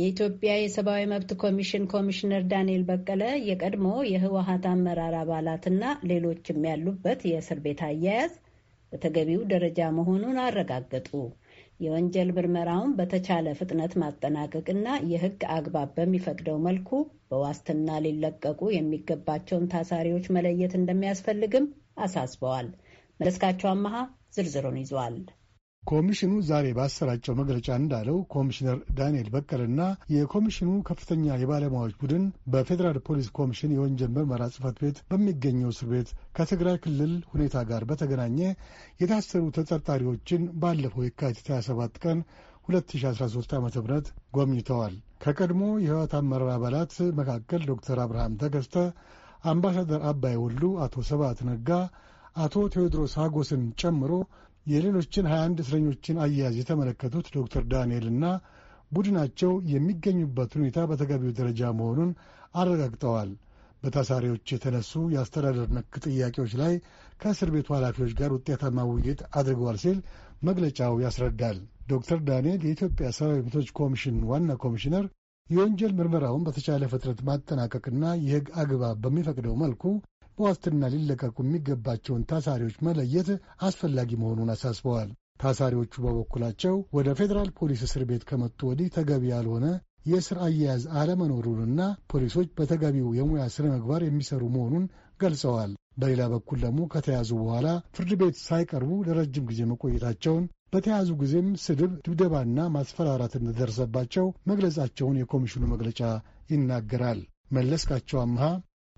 የኢትዮጵያ የሰብአዊ መብት ኮሚሽን ኮሚሽነር ዳንኤል በቀለ የቀድሞ የህወሀት አመራር አባላትና ሌሎችም ያሉበት የእስር ቤት አያያዝ በተገቢው ደረጃ መሆኑን አረጋገጡ። የወንጀል ምርመራውን በተቻለ ፍጥነት ማጠናቀቅና የህግ አግባብ በሚፈቅደው መልኩ በዋስትና ሊለቀቁ የሚገባቸውን ታሳሪዎች መለየት እንደሚያስፈልግም አሳስበዋል። መለስካቸው አመሃ ዝርዝሩን ይዟል። ኮሚሽኑ ዛሬ ባሰራጨው መግለጫ እንዳለው ኮሚሽነር ዳንኤል በቀለና የኮሚሽኑ ከፍተኛ የባለሙያዎች ቡድን በፌዴራል ፖሊስ ኮሚሽን የወንጀል ምርመራ ጽፈት ቤት በሚገኘው እስር ቤት ከትግራይ ክልል ሁኔታ ጋር በተገናኘ የታሰሩ ተጠርጣሪዎችን ባለፈው የካቲት 27 ቀን 2013 ዓ ም ጎብኝተዋል። ከቀድሞ የህወሓት አመራር አባላት መካከል ዶክተር አብርሃም ተከስተ፣ አምባሳደር አባይ ወሉ፣ አቶ ሰባት ነጋ አቶ ቴዎድሮስ ሀጎስን ጨምሮ የሌሎችን 21 እስረኞችን አያያዝ የተመለከቱት ዶክተር ዳንኤልና ቡድናቸው የሚገኙበት ሁኔታ በተገቢው ደረጃ መሆኑን አረጋግጠዋል። በታሳሪዎች የተነሱ የአስተዳደር ነክ ጥያቄዎች ላይ ከእስር ቤቱ ኃላፊዎች ጋር ውጤታማ ውይይት አድርገዋል ሲል መግለጫው ያስረዳል። ዶክተር ዳንኤል የኢትዮጵያ ሰብአዊ መብቶች ኮሚሽን ዋና ኮሚሽነር የወንጀል ምርመራውን በተቻለ ፍጥነት ማጠናቀቅና የሕግ አግባብ በሚፈቅደው መልኩ በዋስትና ሊለቀቁ የሚገባቸውን ታሳሪዎች መለየት አስፈላጊ መሆኑን አሳስበዋል። ታሳሪዎቹ በበኩላቸው ወደ ፌዴራል ፖሊስ እስር ቤት ከመጡ ወዲህ ተገቢ ያልሆነ የእስር አያያዝ አለመኖሩንና ፖሊሶች በተገቢው የሙያ ስነ ምግባር የሚሰሩ መሆኑን ገልጸዋል። በሌላ በኩል ደግሞ ከተያዙ በኋላ ፍርድ ቤት ሳይቀርቡ ለረጅም ጊዜ መቆየታቸውን በተያዙ ጊዜም ስድብ፣ ድብደባና ማስፈራራት እንደደረሰባቸው መግለጻቸውን የኮሚሽኑ መግለጫ ይናገራል። መለስካቸው አምሃ